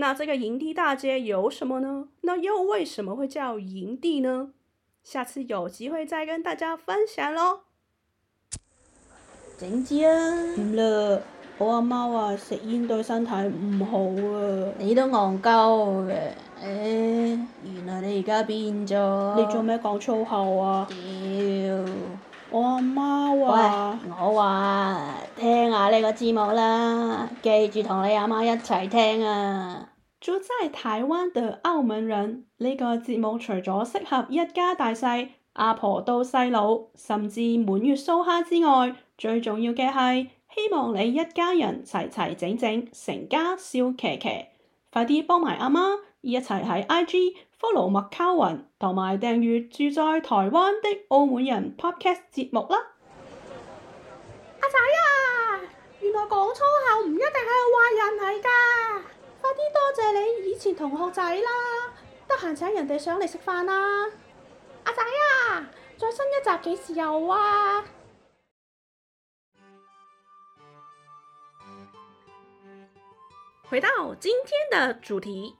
那這個營地大街有什麼呢？那又為什麼會叫營地呢？下次有機會再跟大家分享嘍。整支啊！唔嘞，我阿媽話食煙對身體唔好啊。你都戇鳩嘅？哎，原來你而家變咗。你做咩講粗口啊？屌！我阿媽話，我話聽下呢個節目啦，記住同你阿媽一齊聽啊！住在台灣的澳門人，呢、這個節目，除咗適合一家大細、阿婆到細佬，甚至滿月蘇蝦之外，最重要嘅係希望你一家人齊齊整整，成家笑騎騎，快啲幫埋阿媽一齊喺 IG。Follow Macau wen 同埋訂閱住在台灣的澳門人 Podcast 節目啦！阿仔啊，原來講粗口唔一定係壞人嚟噶，快啲多謝你以前同學仔啦，得閒請人哋上嚟食飯啦！阿仔啊，再新一集幾時有啊？回到今天的主題。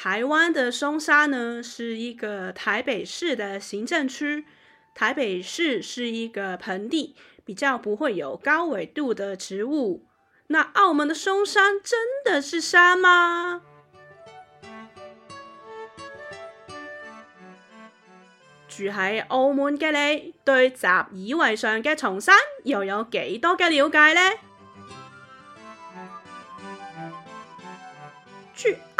台灣的松山呢，是一個台北市的行政區。台北市是一個盆地，比較不會有高緯度的植物。那澳門的松山真的是山嗎？住喺澳門嘅你，對習以為上嘅松山，又有幾多嘅了解呢？住。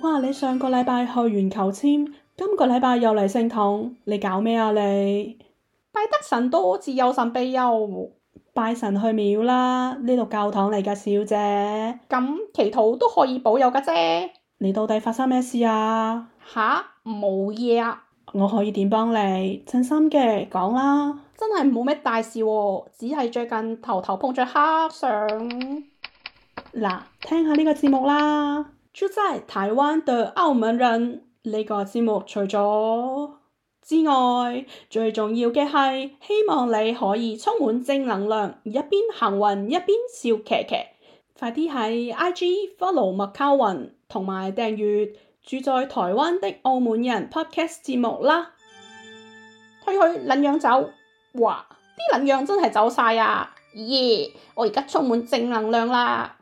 哇！你上個禮拜去完求簽，今個禮拜又嚟聖堂，你搞咩啊你？拜得神多，自有神庇佑。拜神去廟啦，呢度教堂嚟噶，小姐。咁祈禱都可以保佑噶啫。你到底發生咩事啊？吓，冇嘢啊。我可以點幫你？真心嘅，講啦。真係冇咩大事喎，啊，只係最近頭頭碰着黑相。嗱，聽下呢個節目啦。住在台灣的澳門人呢、這個節目除咗之外，最重要嘅係希望你可以充滿正能量，一邊行運一邊笑騎騎。快啲喺 I G follow Macau wen 同埋訂閱住在台灣的澳門人 podcast 節目啦！退去能量走，哇！啲能量真係走晒啊！耶、yeah！我而家充滿正能量啦～